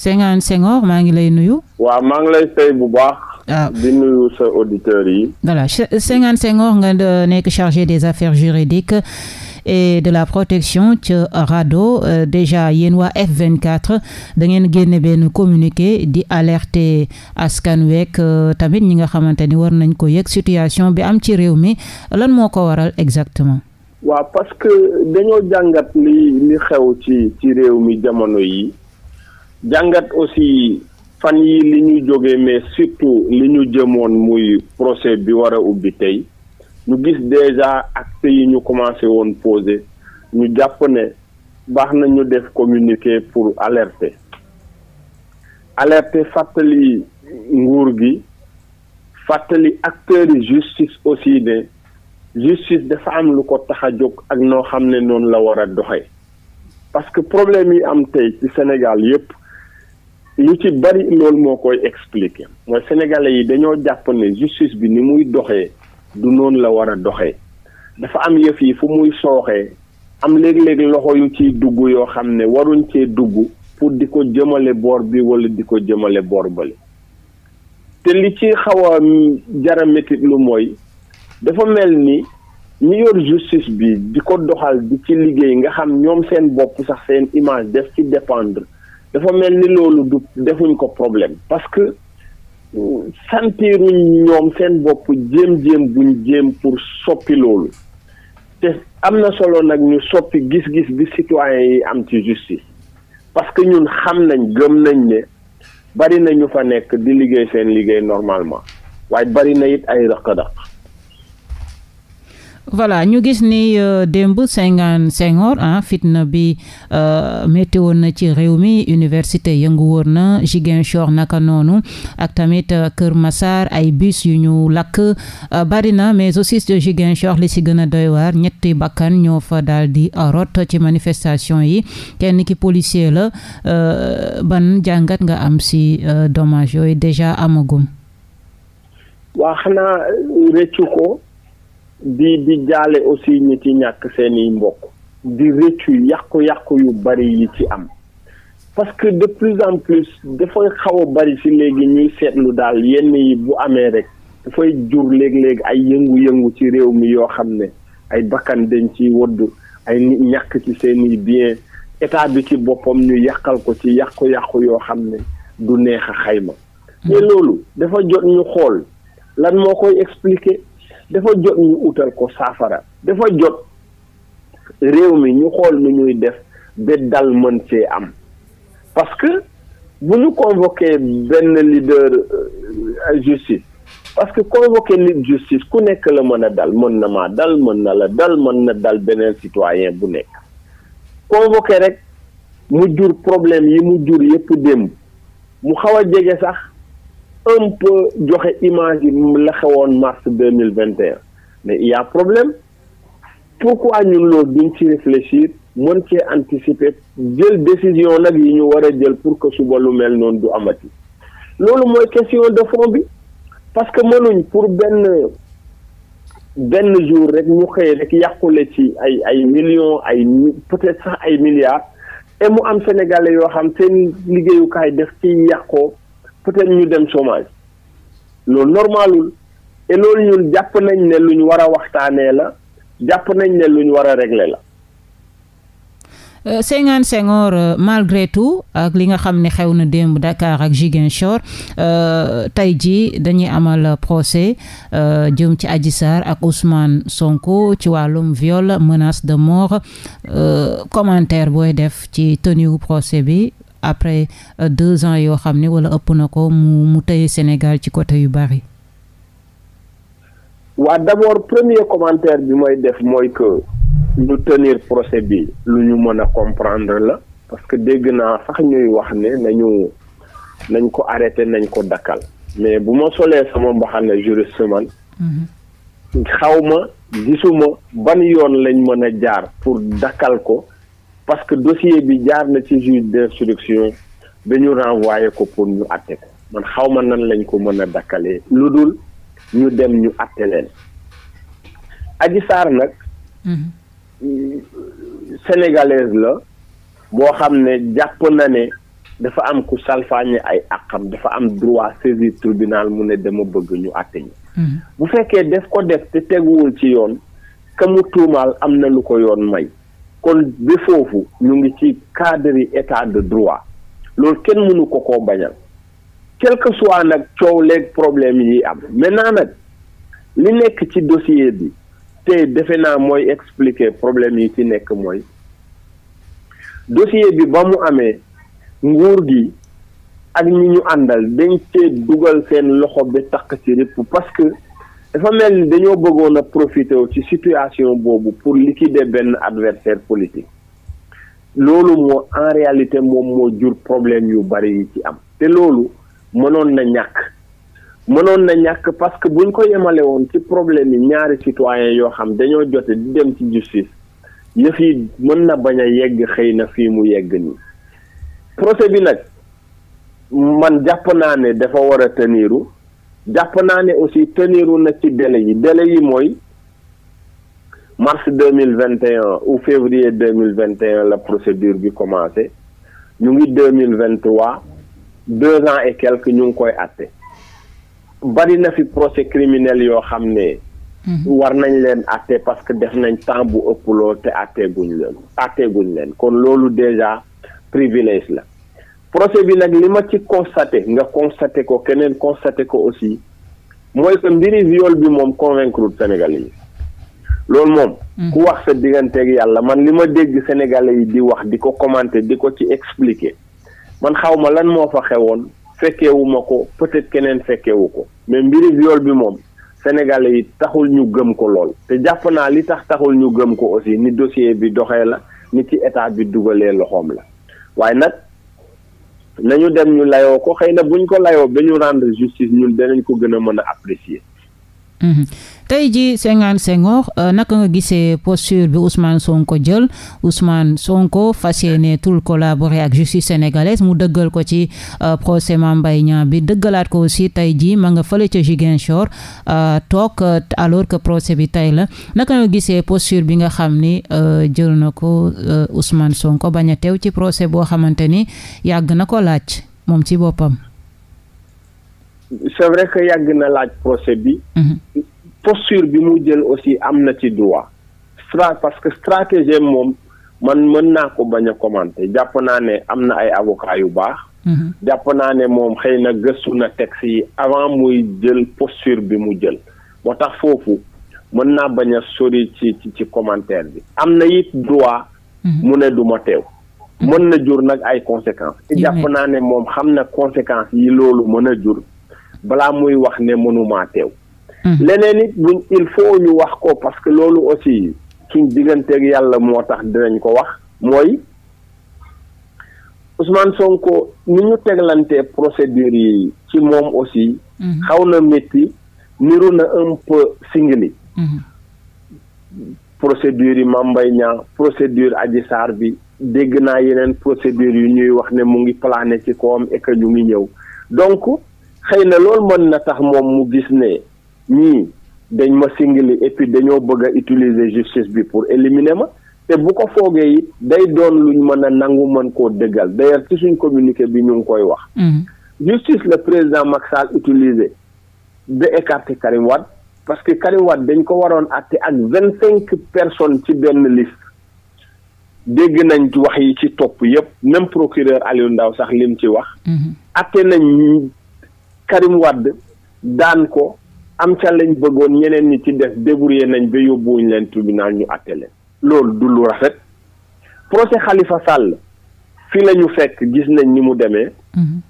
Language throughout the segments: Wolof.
Senghane Senghor maa ngi lay nuyu. waaw maa ngi lay fay bu baax. waaw ah. di nuyu sa auditeurs yi. voilà euh, Senghane Senghor nga euh, nekk chargé des affaires juridiques et de la protection ca RADDHO euh, déjà yéen waa F24 da ngeen génne benn communiqué di alerté askan week tamit ñi nga xamante ni war nañ ko yëg situation bi am ci réew mi lan moo ko waral exactement. waaw parce que dañoo jàngat li li xew ci réew mi jamono yi. jàngat aussi fan yi li ñu jóge mais surtout li ñu jëmoon muy procès bi war a ubbi tey ñu gis déjà actes yi ñu commencé woon poser ñu jàpp ne baax na ñu def communiqué pour alerte alerte fàttali nguur gi fàttali acteurs yi justice aussi ne justice dafa am lu ko tax a jóg ak noo xam ne noonu la war a doxee parce que problème yi am tey ci Sénégal yépp lu ci bari loolu moo koy expliquer mooy sénégalais yi dañoo jàpp ne justice bi ni muy doxee du noonu la war a doxee dafa am yëf yi fu muy sooxee am léeg léegi loxo yu ciy dugg yoo xam ne waruñ cee dugg pour di ko jëmale boor bi wala di ko jëmale boor bale te li ci xaw a jara métit lu mooy dafa mel ni ñi yor justice bi di ko doxal di ci liggéey nga xam ñoom seen bopp sax seen image def ci dépendre dafa mel ni loolu du defuñ ko problème parce que euh, santeeruñ ñoom seen bopp jéem-jéem buñ jéem pour soppi loolu te am na solo nag ñu soppi gis-gis bi citoyen yi am ci justice parce que ñun xam nañ gëm nañ ne bari na ñu fa nekk di liggéey seen liggéey normalement waaye bari na it ay rëq-rëq voilà ñu gis ni euh, démb Senghane Senghor ah fitna bi euh, métti woon na ci réew mi université yëngu woon na Ziguinchor naka noonu ak tamit euh, Kër Massar ay bis yu ñu lakk bari na mais aussi Ziguinchor li si gën a doy waar ñetti bakkan ñoo fa daal di rot ci manifestation yi kenn ki policier la ban jàngat nga am si dommage yooyu déjà amagum. waa xanaa rëccu ko. di di jaale aussi ñi ci ñàkk seeni mbokk di rëccu yàqu-yàqu yu bari yi ci am parce que de plus en plus dafay xaw a bari si léegi ñuy seetlu daal yenn yi bu amee rek dafay jur léeg léegi ay yëngu-yëngu ci réew mi yoo xam ne ay bakkan dañ ci wodd ay ñàkk ci seeni bien état bi ci boppam ñu yàqal ko ci yàqu-yàqu yoo xam ne du neex a xayma mais mm. loolu dafa jot ñu xool lan moo koy expliquer dafa jot ñu utal ko saafara dafa jot réew mi ñu xool nu ñuy def ba dal mën cee am parce que bu ñu convoqué benn leader euh, justice parce que convoqué nit justice ku nekk la mën a dal mën na maa dal mën na dal mën na dal beneen citoyen bu nekk convoqué rek mu jur problème yi mu jur yëpp démb mu xaw a jege sax un peu joxe image yi la xewoon mars deux mille vingt et un mais il y a problème pourquoi ñun loolu duñ ci réfléchir mën cee anticiper jël décision nag yi ñu war a jël pour que suba lu mel noonu du amati loolu mooy question de fond bi parce que mënuñ pour benn benn jour rek ñu xëy rek yàqule ci ay ay millions ay peut-être sax ay milliards e mu am sénégalais yoo xam seen liggéeyukaay def ci yàqoo peut-être ñu dem chômage loolu normalul et ñun jàpp nañ ne lu ñu war a waxtaanee la jàpp nañ ne lu ñu war a régler la. Euh, Senghane Senghor euh, malgré tout ak li nga xam ne xew na démb Dakar ak Ziguinchor euh, tey jii dañuy amal procès jëm ci Adji ak Ousmane Sonko ci wàllum viol menace de mort commentaire booy def ci tenue procès bi après euh, deux ans yoo xam ne wala ëpp na ko mu mu tey Sénégal ci côté yu bari. waa d'abord premier commentaire bi mooy def mooy que ñu tenir procès bi lu ñu mën a comprendre la parce que dégg naa sax ñuy wax ne nañu nañ ko arrêté nañ ko dakkal mais bu ma solee sama mbaxane juriste man mm-hmm. xaw ma gisuma ban yoon lañ mën a jaar pour dakkal ko parce que dossier bi jaar na ci juge d'instruction ñu renvoyé ko pour ñu àtte ko man xaw ma nan lañ ko mën a dakkalee lu dul ñu dem ñu àtte leen Adji Sarr nag mhm. sénégalaise la boo xam ne jàpp na ne dafa am ku salfaañe ay àqam dafa am droit saisir tribunal mu ne dama bëgg ñu àtte ñu mhm. bu fekkee def ko def te teguwul ci yoon ka mu tuumaal am na lu ko yoon may kon bi foofu ñu ngi ci cadre état de droit loolu kenn mënu ko ko bañal quelque que soit nag coow leeg problème yi am maintenant nag li nekk ci dossier bi te defe naa mooy expliquer problème yi ci nekk mooy dossier bi ba mu amee nguur gi ak ñi ñu àndal dañ cee dugal seen loxo bi takk ci rëpp parce que dafa mel ni dañoo bëggoon a profité ci situation boobu pour li liquider benn adversaire politique loolu moo en réalité moom moo jur problème yu bari yi ci am te loolu mënoon na ñàkk mënoon na ñàkk parce que buñ ko yemale woon ci problème yi ñaari citoyen yoo xam dañoo jote di dem ci justice yëf yi mën na bañ a yegg xëy na fii mu yegg nii procès bi nag man jàpp naa ne dafa war a teniiru jàpp naa ne aussi teniru na ci délai yi délai yi mooy mars deux mille vingt et un ou février deux mille vingt et un la procédure bi commencé ñu ngi deux mille vingt trois deux ans et quelques ñu ngi koy àtte bari na fi procès criminel yoo xam ne. Mhm. war nañ leen àtte parce que def nañ temps bu ëpp lool te àtte guñ leen àtte guñ leen kon loolu déjà privilège la. procès bi nag li ma ci constaté nga constaté ko keneen constaté ko aussi mooy que mbiri viol bi moom convaincre wul yi loolu moom. Hmm. ku wax sa digganteeg yàlla man li ma dégg Sénégalais yi di wax di ko commenter di ko ci expliquer man xaw ma lan moo fa xewoon fekkeewu ma ko peut-être keneen fekkeewu ko mais mbiri viol bi moom Sénégalais yi taxul ñu gëm ko lool te jàpp naa li tax taxul ñu gëm ko aussi ni dossier bi doxee la ni ci état bi dugalee loxoom la nañu dem ñu layoo ko xëy na buñ ko layoo ba ñu rendre justice ñun danañ ko gën a mën a apprécier Mhm. tey jii Senghane Senghor euh, naka nga gisee posture bi Ousmane Sonko jël Ousmane Sonko fas yéene tout collaborer ak justice sénégalaise mu dëggal ko ci euh, procès Mame Mbaye bi dëggalaat ko aussi tey jii ma nga fële ca Ziguinchor euh, toog alors que procès bi tey la naka nga gisee posture bi nga xam ni jël na ko Ousmane Sonko bañ a teew ci procès boo xamante ni yàgg na ko laaj moom ci boppam. c'est vrai que yàgg na laaj procès bi. Mhm. posture bi mu jël aussi am na ci droit. stra parce que stratégie moom man mën naa ko bañ a commenter jàpp naa ne am na ay avocat yu baax. Mhm. jàpp naa ne moom xëy na gëstu na texte yi avant muy jël posture bi mu jël moo tax foofu mën naa bañ a sori ci ci ci commentaire bi am na it droit. Mhm. mu ne du ma teew. mën na jur nag ay conséquences. jàpp naa ne moom xam na conséquence yi loolu mën a jur. balaa muy wax ne mënuma teew hmm. leneen it buñ il faut ñu wax ko parce que loolu aussi suñ digganteeg yàlla moo tax dinañ ko wax mooy Ousmane Sonko ni ñu teglante procédure yi ci moom aussi hmm. xaw na métti niru na un peu singili hmm. procédure yi Mame Mbaye Niang procédure aji Sarr bi dégg naa yeneen procédure yu ñuy wax ne mu ngi plané ci kawam et que ñu ngi ñëw xëy na loolu mën na tax moom mu gis ne ñii dañ ma singili et puis dañoo bëgg utiliser justice bi pour éliminer ma te bu ko foogee it day doon luñ mën a nangu mën koo dëggal d'ailleurs ci suñ communiqué bi ñu ngi koy wax. Mm-hmm. justice le président Macky Sall utilisé ba écarter Karim parce que Karim dañ ko waroon àtte ak vingt cinq personnes ci benn liste dégg nañ wax yi ci topp yépp même procureur Aliou Ndao sax lim ci wax. Mm-hmm. àtte nañ Karim Wade daan ko am ca lañ bëggoon ñeneen ñi ci def débrouillé nañ ba yóbbuwuñ leen tribunal ñu àtte leen loolu du rafet procès xalifa Sall fi la ñu fekk gis nañ ni mu demee mhm.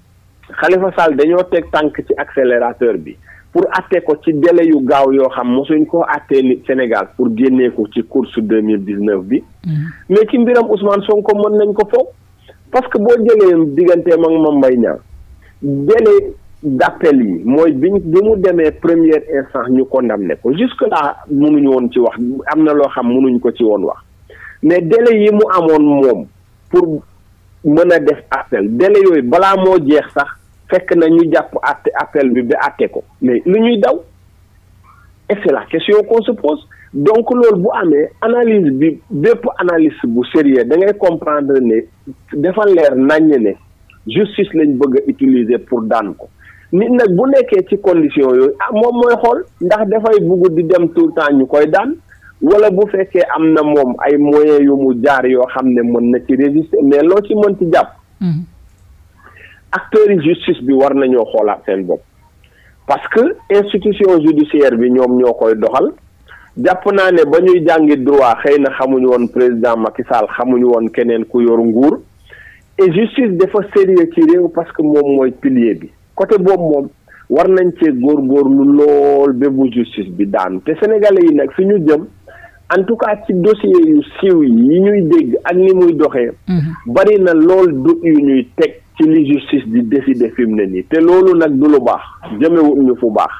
Khalifa Sall dañoo teg tànk ci accélérateur bi pour àtte ko ci délai yu gaaw yoo xam mosuñ koo àttee ni Sénégal pour génnee ko ci course deux mille dix neuf bi mhm. mais ci mbiram Ousmane Sonko mën nañ ko foog parce que boo jëlee digganteem ak ma mbay Niang délai d'appel yi mooy bi bi mu demee première instance ñu ko condamné ko jusque là mënuñu woon ci wax am na loo xam munuñu ko ci woon wax mais délai yi mu amoon moom pour mën a def appel délai yooyu balaa moo jeex sax fekk na ñu jàpp atte appel bi bi atte ko mais lu ñuy daw et c'est la question qu'on donc loolu bu amee analyse bi bépp analyse bu sérieux da ngay comprendre ne defal leer naññ ne justice lañ bëgg a utiliser pour daan ko nit nag bu nekkee ci condition yooyu ah moom mooy xool ndax dafay bugg di dem tout temps ñu koy daan wala bu fekkee am na moom ay moyens yu mu jaar yoo xam ne mën na ci résister mais loo ci mën ci jàpp mm-hmm. acteurs yi justice bi war nañoo xoolaat seen bopp parce que institution judiciaire bi ñoom ñoo koy doxal jàpp naa ne ba ñuy jàngi droit xëy na xamuñu woon président Macky Sall xamuñu woon keneen ku yor nguur et justice dafa sérieux ci réew parce que moom mooy pilier bi côté boobu moom war nañ cee góorgóorlu lool bébu justice bi daan te sénégalais yi nag fi ñu jëm en tout cas ci dossier yu siiw yi ñuy dégg ak ni muy doxee. Mhm. bari na lool dut yu ñuy teg ci li justice di décider fi mu ne nii te loolu nag du lu baax jëmewut ñu fu baax.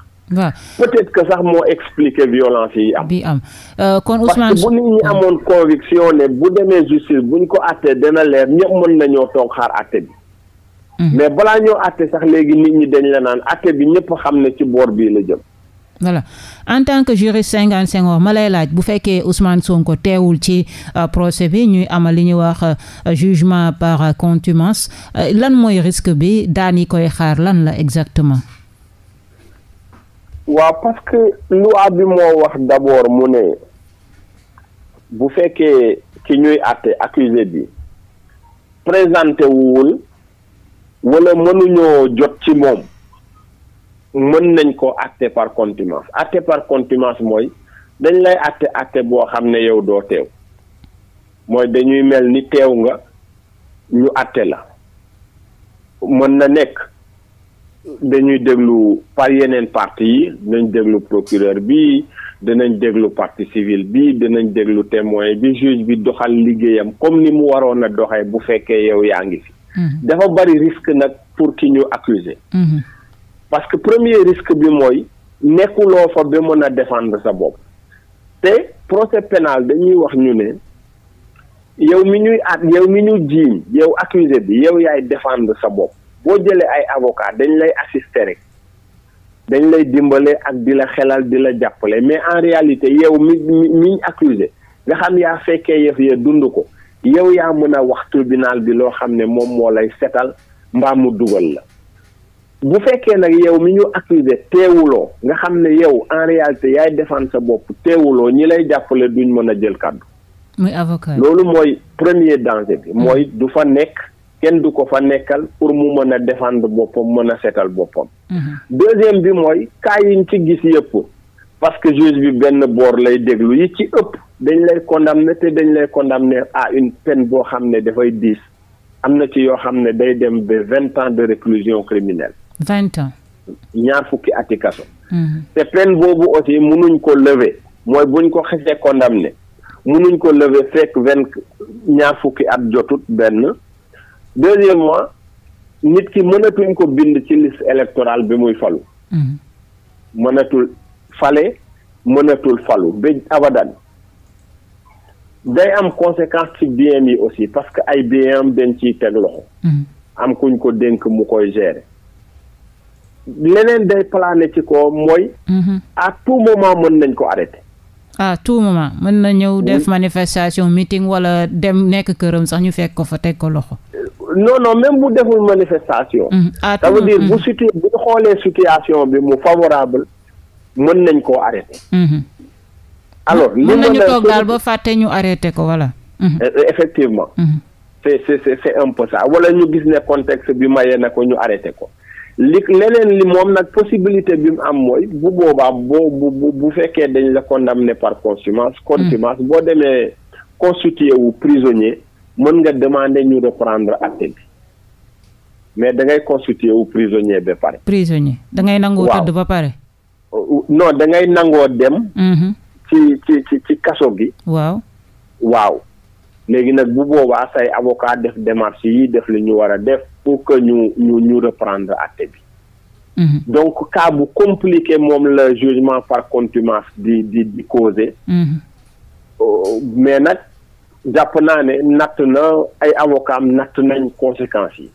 peut-être que sax moo expliquer violence yi am. bi am euh, kon Ousmane. parce bu nit ñi amoon conviction ne bu demee justice buñ ko àttee dana leer ñëpp mën nañoo toog xaar àtte bi. Mm-hmm. mais balaa ñoo àtte sax léegi nit ñi dañ la naan àtte bi ñëpp xam ne ci boor bii la jëm. voilà en tant que juriste Senghane Senghor ma lay laaj bu fekkee Ousmane Sonko teewul ci euh, procès bi ñuy amal li ñuy wax euh, jugement par contumace euh, lan mooy risque bi daan yi koy xaar lan la exactement. waaw parce que loi bi moo wax d'abord mu ne bu fekkee ci ñuy àtte accusé bi présenté wuwul wala mënuñoo jot ci moom mën nañ ko acté par contumace acté par contimence mooy dañ lay acté acté boo xam ne yow doo teew mooy dañuy mel ni teew nga ñu acte la mën na nekk dañuy déglu par yeneen parti yi dinañ déglu procureur bi danañ déglu partie civile bi dinañ déglu témoin bi juge bi doxal liggéeyam comme ni mu waroon a doxee bu fekkee yow yaa ngi fi Mm-hmm. dafa bari risque nag pour ki ñu accuser mm-hmm. parce que premier risque bi mooy nekkuloo fa ba mën a défendre sa bopp te procès penal dañuy wax ñu ne yow mi ñuy at yow mi ñu jiiñ yow accusé bi yow yaay défendre sa bopp boo jëlee ay avocat dañ lay assister rek dañ lay dimbale ak di la xelal di la jàppale mais en réalité yow mi mi miñ accusé nga xam yaa fekkee yëf ya dund ko yow yaa mën a wax tribunal bi loo xam ne moom moo lay setal mbaa mu dugal la bu fekkee nag yow mi ñu accusé teewuloo nga xam ne yow en réalité yaay défendre sa bopp teewuloo ñi lay jàppale duñ mën a jël kàddu loolu mooy premier danger bi mm. mooy du fa nekk kenn du ko fa nekkal pour mu mën a défendre boppam mën a setal boppam mm-hmm. deuxième bi mooy cas yiñ ci gis yëpp parce que bi benn boor lay déglu yi ci ëpp dañ lay condamné te dañ lay condamné a une peine boo xam ne dafay diis am na ci yoo xam ne day dem ba vingt ans de réclusion criminelle. vingt ans. ñaar fukki ati kaso. Mhm. te peine boobu aussi mënuñ ko lever mooy buñ ko xasee condamné mënuñ ko lever fekk vingt ñaar fukki at jotut benn deuxièmement nit ki mënatuñ ko bind ci liste électorale bi muy falu. Mhm. mënatul fale mënatul falu ba abadan day am conséquence ci bien yi aussi parce que ay biens am dañ ciy teg loxo. Mm-hmm. am kuñ ko dénk mu koy gérer. leneen day plané ci ko mooy. Mm-hmm. à tout moment mën nañ ko arrêté. à tout moment mën na ñëw mm-hmm. def manifestation meeting wala dem nekk këram sax ñu fekk ko fa teg ko loxo. non non même bu deful manifestation. à tout ça veut dire bu situ bu xoolee situation bi mu favorable mën nañ koo arrêté. alors li mën nañu toog ba fàtte ñu arrêté ko voilà. Mhm. Eh, eh, effectivement. Mhm. c'est c'est c'est ñu gis ne contexte bi maye na ko ñu arrêté ko. li leneen li moom nag possibilité bi mu am mooy bu boobaa boo bu bu fekkee dañ la condamné par contumace. Mhm. contumace boo demee constitué wu prisonnier mën nga demander ñu reprendre acte bi mais da ngay constitué wu prisonnier ba pare. prisonnier da ngay nangoo tëdd ba pare. Euh, non da ngay nangoo dem. ci ci ci ci kaso gi. waaw waaw léegi nag bu boobaa say avocat def démarche yi def li ñu war a def pour que ñu ñu ñu reprendre acte bi. Mm-hmm. donc cas bu compliqué moom la jugement par contumace di di di causé. Mm-hmm. Euh, mais nag jàpp naa ne natt na ay avocat am natt nañ conséquences yi.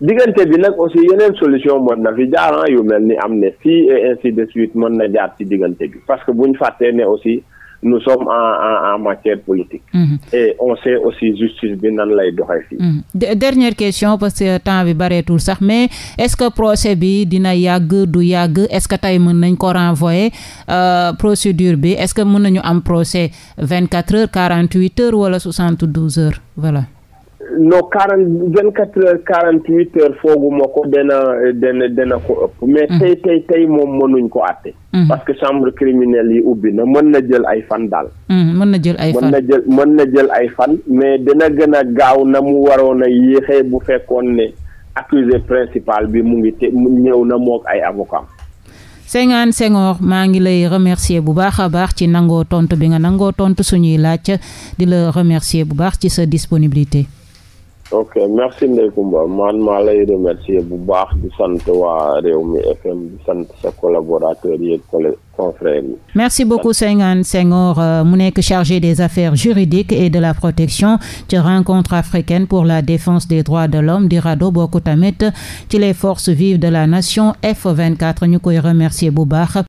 diggante bi nag aussi yeneen solution mën na fi jaaran ah, yu mel ni am amnistie et ainsi de suite mën na jaar ci diggante bi parce que buñ fàttee ne aussi nous sommes en en en matière politique. Mmh. et on sait aussi justice bi nan lay doxe fii. Mm-hmm. dernière question parce que temps bi bareetul sax mais est-ce que procès bi dina yàgg du yàgg est-ce que tey mën nañ ko renvoyer euh, procédure bi est-ce que mën nañu am procès vingt quatre heures quarante huit heures wala soixante douze heures voilà. non quarante vingt quatre heures quarante huit fooguma ko dana dana dena ko ëpp mais mhm. tey tey tey moom mënuñ ko àtte mhm. parce que chambre criminelle yi ubbi na mën na jël ay fan daal mhm, mën na jël ay fan mën mën na jël ay fan mais dina gën a gaaw na mu waroon a yéexee bu fekkoon ne accusé principal bi mu ngi te ñëw na mook ay avocat Senghane Senghor maa ngi lay remercier bu baax a baax ci nangoo tontu bi nga nangoo tontu suñuy laaj di la remercier bu baax ci sa disponibilité ok merci bu baax di sant merci beaucoup Senghane Senghor euh, mu nekk chargé des affaires juridiques et de la protection ci rencontre africaine pour la défense des droits de l'homme di RADDHO bokk tamit les forces vives de la nation F24 ñu koy remercier bu baax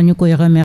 ñu